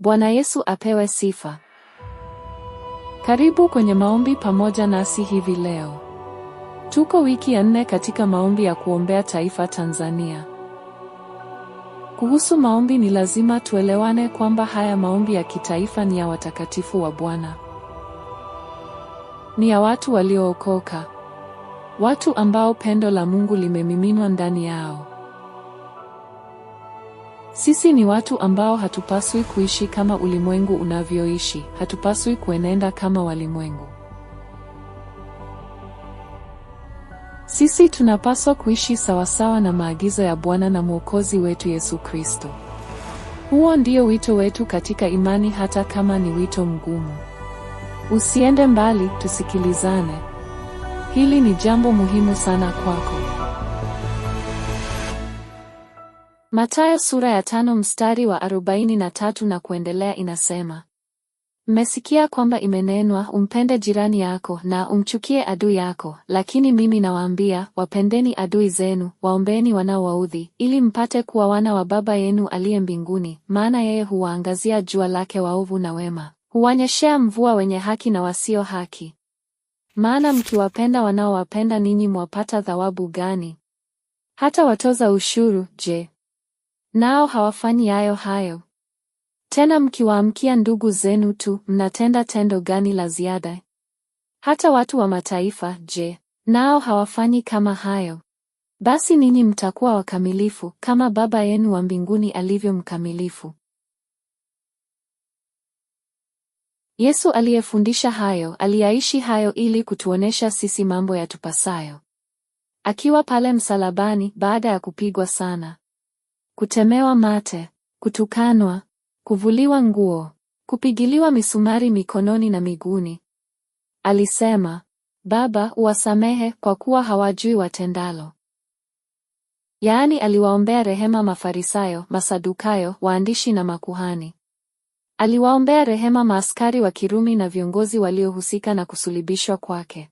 Bwana Yesu apewe sifa. Karibu kwenye maombi pamoja nasi hivi leo. Tuko wiki ya nne katika maombi ya kuombea taifa Tanzania. Kuhusu maombi ni lazima tuelewane kwamba haya maombi ya kitaifa ni ya watakatifu wa Bwana. Ni ya watu waliookoka. Watu ambao pendo la Mungu limemiminwa ndani yao. Sisi ni watu ambao hatupaswi kuishi kama ulimwengu unavyoishi, hatupaswi kuenenda kama walimwengu. Sisi tunapaswa kuishi sawasawa na maagizo ya Bwana na Mwokozi wetu Yesu Kristo. Huo ndio wito wetu katika imani hata kama ni wito mgumu. Usiende mbali, tusikilizane. Hili ni jambo muhimu sana kwako. Mathayo sura ya tano mstari wa arobaini na tatu na kuendelea inasema, mmesikia kwamba imenenwa umpende jirani yako na umchukie adui yako, lakini mimi nawaambia, wapendeni adui zenu, waombeni wanaowaudhi, ili mpate kuwa wana wa Baba yenu aliye mbinguni, maana yeye huwaangazia jua lake waovu na wema, huwanyeshea mvua wenye haki na wasio haki. Maana mkiwapenda wanaowapenda ninyi mwapata thawabu gani? Hata watoza ushuru, je, nao hawafanyi hayo hayo. Tena mkiwaamkia ndugu zenu tu, mnatenda tendo gani la ziada? Hata watu wa mataifa, je, nao hawafanyi kama hayo? Basi ninyi mtakuwa wakamilifu kama Baba yenu wa mbinguni alivyo mkamilifu. Yesu aliyefundisha hayo aliyaishi hayo ili kutuonesha sisi mambo yatupasayo. Akiwa pale msalabani baada ya kupigwa sana, kutemewa mate, kutukanwa, kuvuliwa nguo, kupigiliwa misumari mikononi na miguuni. Alisema, Baba, uwasamehe kwa kuwa hawajui watendalo. Yaani aliwaombea rehema Mafarisayo, Masadukayo, waandishi na makuhani. Aliwaombea rehema maaskari wa Kirumi na viongozi waliohusika na kusulibishwa kwake.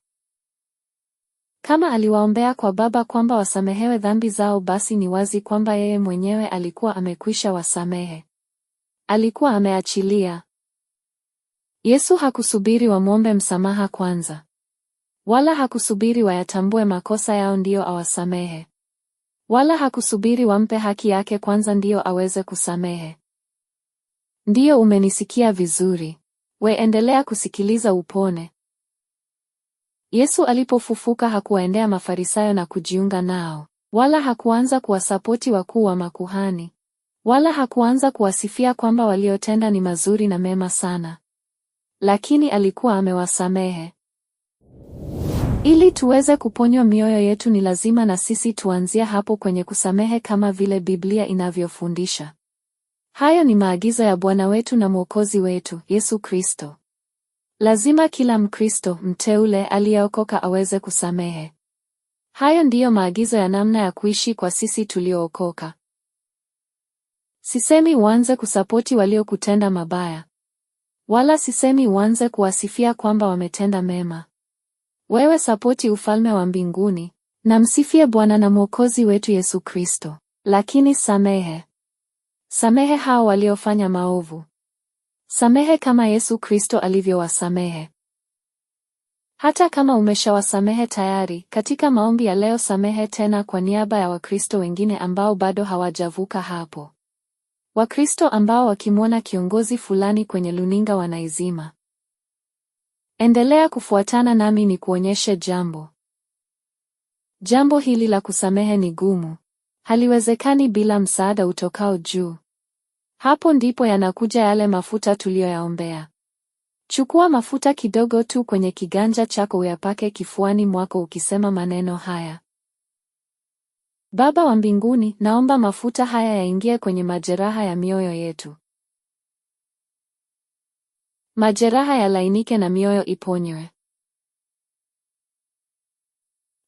Kama aliwaombea kwa Baba kwamba wasamehewe dhambi zao, basi ni wazi kwamba yeye mwenyewe alikuwa amekwisha wasamehe. Alikuwa ameachilia. Yesu hakusubiri wamwombe msamaha kwanza, wala hakusubiri wayatambue makosa yao ndiyo awasamehe, wala hakusubiri wampe haki yake kwanza ndiyo aweze kusamehe. Ndiyo, umenisikia vizuri. Weendelea kusikiliza upone. Yesu alipofufuka hakuwaendea Mafarisayo na kujiunga nao, wala hakuanza kuwasapoti wakuu wa makuhani, wala hakuanza kuwasifia kwamba waliotenda ni mazuri na mema sana, lakini alikuwa amewasamehe. Ili tuweze kuponywa mioyo yetu, ni lazima na sisi tuanzia hapo kwenye kusamehe, kama vile Biblia inavyofundisha. Hayo ni maagizo ya Bwana wetu na Mwokozi wetu Yesu Kristo. Lazima kila Mkristo mteule aliyeokoka aweze kusamehe. Hayo ndiyo maagizo ya namna ya kuishi kwa sisi tuliookoka. Sisemi uanze kusapoti waliokutenda mabaya, wala sisemi uanze kuwasifia kwamba wametenda mema. Wewe sapoti ufalme wa mbinguni na msifie Bwana na Mwokozi wetu Yesu Kristo, lakini samehe, samehe hao waliofanya maovu, Samehe kama Yesu Kristo alivyowasamehe. Hata kama umeshawasamehe tayari, katika maombi ya leo samehe tena kwa niaba ya Wakristo wengine ambao bado hawajavuka hapo. Wakristo ambao wakimwona kiongozi fulani kwenye luninga wanaizima. Endelea kufuatana nami ni kuonyeshe jambo. Jambo hili la kusamehe ni gumu. Haliwezekani bila msaada utokao juu. Hapo ndipo yanakuja yale mafuta tuliyoyaombea. Chukua mafuta kidogo tu kwenye kiganja chako uyapake kifuani mwako ukisema maneno haya: Baba wa mbinguni, naomba mafuta haya yaingie kwenye majeraha ya mioyo yetu. Majeraha yalainike na mioyo iponywe,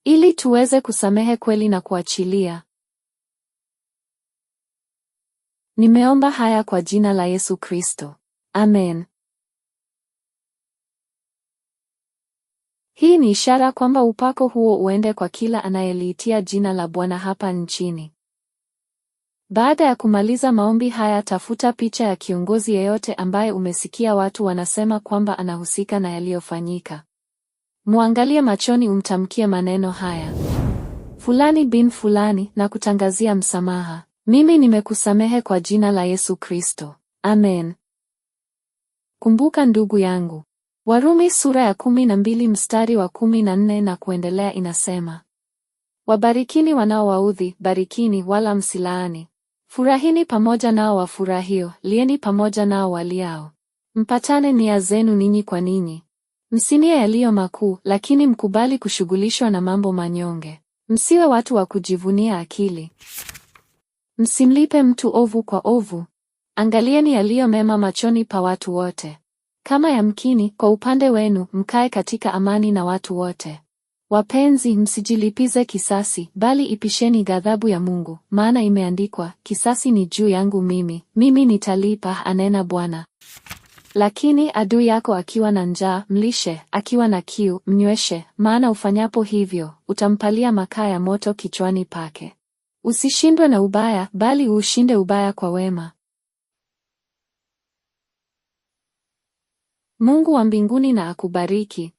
ili tuweze kusamehe kweli na kuachilia. Nimeomba haya kwa jina la Yesu Kristo. Amen. Hii ni ishara kwamba upako huo uende kwa kila anayeliitia jina la Bwana hapa nchini. Baada ya kumaliza maombi haya, tafuta picha ya kiongozi yeyote ambaye umesikia watu wanasema kwamba anahusika na yaliyofanyika. Muangalie machoni, umtamkie maneno haya: fulani bin fulani, na kutangazia msamaha. Mimi nimekusamehe kwa jina la Yesu Kristo. Amen. Kumbuka ndugu yangu, Warumi sura ya kumi na mbili mstari wa kumi na nne na kuendelea inasema, wabarikini wanaowaudhi, barikini wala msilaani. Furahini pamoja nao wafurahio, lieni pamoja nao waliao. Mpatane nia zenu ninyi kwa ninyi. Msinie yaliyo makuu, lakini mkubali kushughulishwa na mambo manyonge. Msiwe watu wa kujivunia akili. Msimlipe mtu ovu kwa ovu. Angalieni yaliyo mema machoni pa watu wote. Kama yamkini, kwa upande wenu, mkae katika amani na watu wote. Wapenzi, msijilipize kisasi, bali ipisheni ghadhabu ya Mungu, maana imeandikwa, kisasi ni juu yangu mimi, mimi nitalipa, anena Bwana. Lakini adui yako akiwa na njaa, mlishe; akiwa na kiu, mnyweshe, maana ufanyapo hivyo, utampalia makaa ya moto kichwani pake. Usishindwe na ubaya, bali uushinde ubaya kwa wema. Mungu wa mbinguni na akubariki.